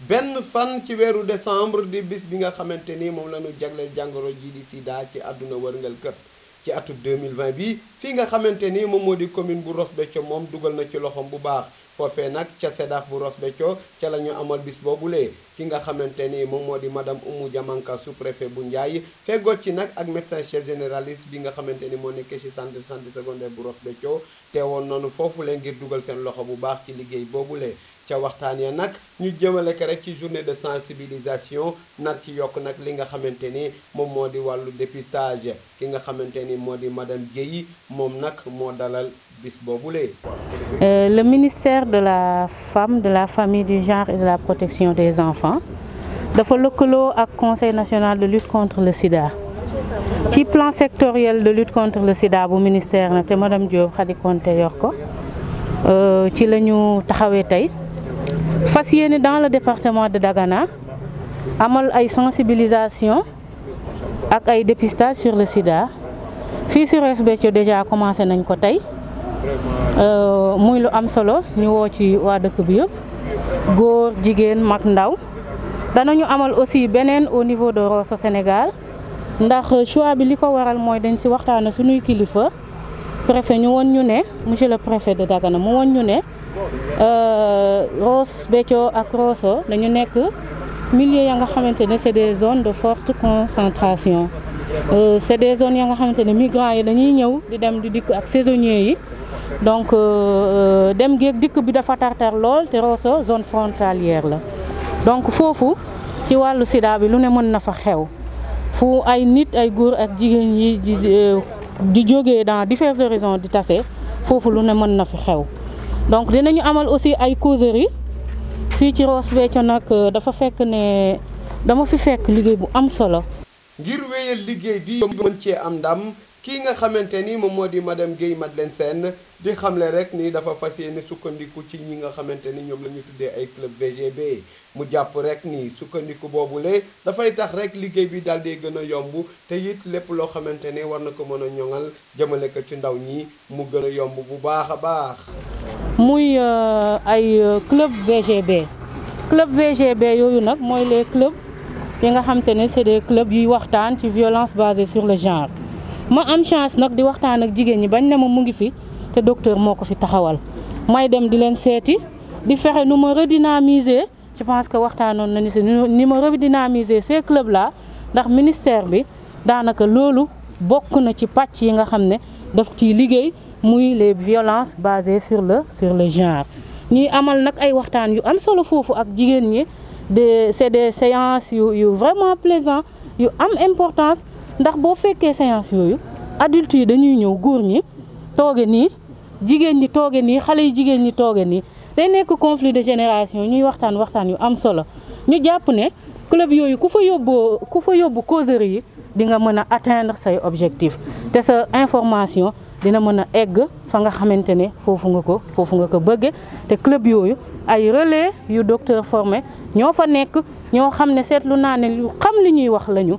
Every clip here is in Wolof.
benn fan ci weeru décembre di bis bi nga xamante ni moom la ñu jagleel jàngoro ji di Sida ci àdduna wërngal këpp ci atum 2020 bi fii nga xamante ni moom moo di commune bu Ross Béthio moom dugal na ci loxoom bu baax. foofee nag ca SEDAF bu Ross Béthio ca la ñu amal bis boobulee ki nga xamante ni moom moo di madame Oumou Diamanka sous-préfet bu Ndiaye feggoot ci nag ak médecin chef généraliste bi nga xamante ni moo nekkee ci centre santé secondaire bu Ross Béthio teewoon noonu foofu ngir dugal seen loxo bu baax ci liggéey boobulee ca waxtaan ya nag ñu jëmale ko ci journée de sensibilisation nag ci yokk nag li nga xamante ni moom moo di wàllu dépistage ki nga xamante ni moo di madame Dieye moom nag moo dalal Euh, le ministère de la Femme, de la Famille, du Genre et de la Protection des Enfants de lëkkaloo le conseil national de lutte contre le sida Qui plan sectoriel de lutte contre le sida le ministère nag madame Diop euh, dans le département de Dagana amal ay sensibilisation dépistage sur le sida Fils sur a déjà commencé dans ko tey Euh, muy lu am solo ñu woo ci waa dëkk bi yëpp góor jigéen mag ndaw dana ñu amal aussi beneen au niveau de Rosso Sénégal ndax choix bi li ko waral mooy dañ si waxtaan suñuy kilifa préfet ñu woon ñu ne monsieur le préfet de Dagana mu woon ñu ne euh, Ross Béthio ak Rosso dañu nekk milieu ya nga xamante ne c'est des zone de forte concentration euh, c'est des zones ya nga xamante ne migrants yi dañuy ñëw di dem di dikk ak saisonniers yi donc euh, euh, dem géeg dik bi dafa tartar lool té Rosso zone frontalière la donc fofu ci walu sida bi lune mën na fa xew fu ay nit ay góor ak jigéen yi di euh, jógee dans diverses raisons di tassé fofu lune mën na fi xew donc dinañu amal aussi ay causerie fi ci Ross Béthio nak dafa fekk né dama fi fekk liggéey bu am solo ngir wéyal liggéey bi mën ci am ndam ki nga xamanteni ni modi madame Guèye Madeleine Sène di xamle rek ni dafa fas yéene sukkandiku ci ñi nga xamanteni ñom ñoom tuddé ay club VGB mu japp rek ni sukkandiku da fay tax rek liggéey bi daal di gën yomb te it lepp lo xamanteni ni war na ko mëna ñongal jëmele ko ci ndaw ñi mu gën yomb bu baaxa baax. muy euh, ay euh, club VGB club VGB yoyu nak moy les clubs yi nga xamanteni c'est des clubs yu waxtaan ci violence basée sur le genre ma am chance de di waxtaan ak jigéen ñi bañ docteur Moko fi taxawal may dem di di redynamiser je pense que redynamiser ces clubs là ndax ministère bi les violences basées sur le sur le genre amal ay waxtaan yu am solo ak de des séances vraiment plaisant yu am importance ndax boo fekkee séance yooyu adultes yi dañuy ñëw góor ñi tooge nii jigéen ñi tooge nii xale yi jigéen ñi tooge nii day nekk conflit de génération ñuy waxtaan waxtaan yu am solo ñu jàpp ne club yooyu ku fa yóbboo ku fa yóbbu causerie yi di nga mën a atteindre say objectif te sa information dina mën a egg fa nga xamante ne foofu nga ko foofu nga ko bëgge te club yooyu ay relais yu docteur formé ñoo fa nekk ñoo xam ne seetlu naa ne lu xam li ñuy wax lañu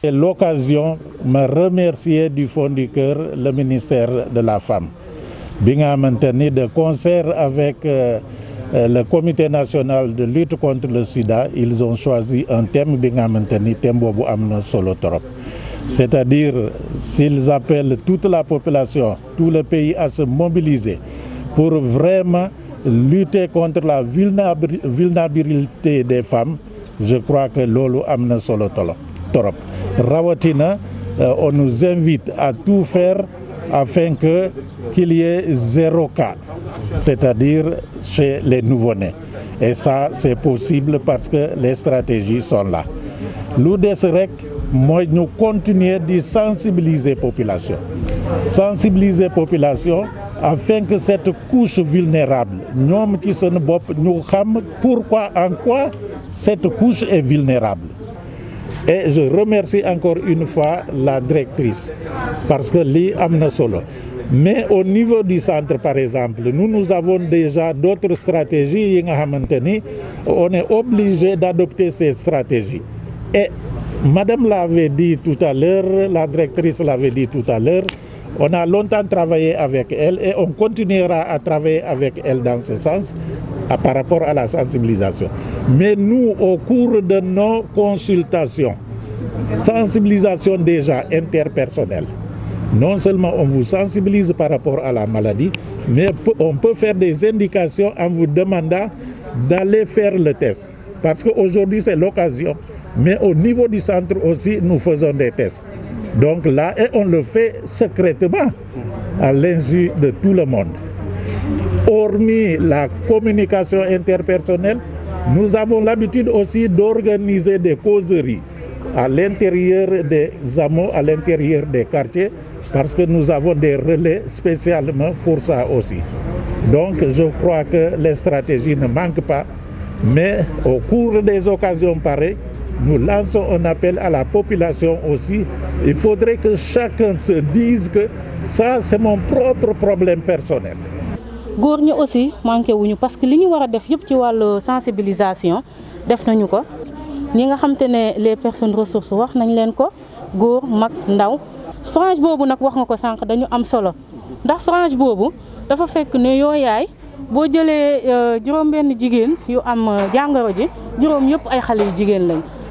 c'est l'occasion me remercier du fond du cœur le ministère de la femme bi nga de concert avec euh, euh, le comité national de lutte contre le sida ils ont choisi un thème bi nga thème c'est-à-dire s'ils appellent toute la population tout le pays à se mobiliser pour vraiment lutter contre la vulnérabilité des femmes je crois que lolo ce solo tolo torop rawatina euh, on nous invite à tout faire afin que qu'il y ait zéro cas c'est-à-dire chez les nouveau-nés et ça c'est possible parce que les stratégies sont là lu nous rek de continuer de sensibiliser population sensibiliser population afin que cette couche vulnérable nous ci pourquoi en quoi cette couche est vulnérable et je remercie encore une fois la directrice parce que les am solo mais au niveau du centre par exemple nous nous avons déjà d'autres stratégies on est obligé d'adopter ces stratégies et madame l'avait dit tout à l'heure la directrice l'avait dit tout à l'heure on a longtemps travaillé avec elle et on continuera à travailler avec elle dans ce sens par rapport à la sensibilisation. Mais nous, au cours de nos consultations, sensibilisation déjà interpersonnelle, non seulement on vous sensibilise par rapport à la maladie, mais on peut faire des indications en vous demandant d'aller faire le test. Parce qu'aujourd'hui, c'est l'occasion. Mais au niveau du centre aussi, nous faisons des tests. Donc là, et on le fait secrètement, à l'insu de tout le monde. Hormis la communication interpersonnelle, nous avons l'habitude aussi d'organiser des causeries à l'intérieur des hameaux, à l'intérieur des quartiers, parce que nous avons des relais spécialement pour ça aussi. Donc je crois que les stratégies ne manquent pas, mais au cours des occasions pareilles, nous lançons un appel à la population aussi. Il faudrait que chacun se dise que ça, c'est mon propre problème personnel. góor aussi manqué wuñu parce que li ñu a def yëpp ci sensibilisation def nañu ko ñi nga xam les personnes ressources wax nañ leen ko góor mag ndaw frange boobu nag wax nga ko sànq dañu am solo ndax frange boobu dafa fekk ne yoo yaay boo jëlee euh, juróom benn jigéen yu am euh, jàngoro ji juróom yëpp ay xale yu jigéen lañ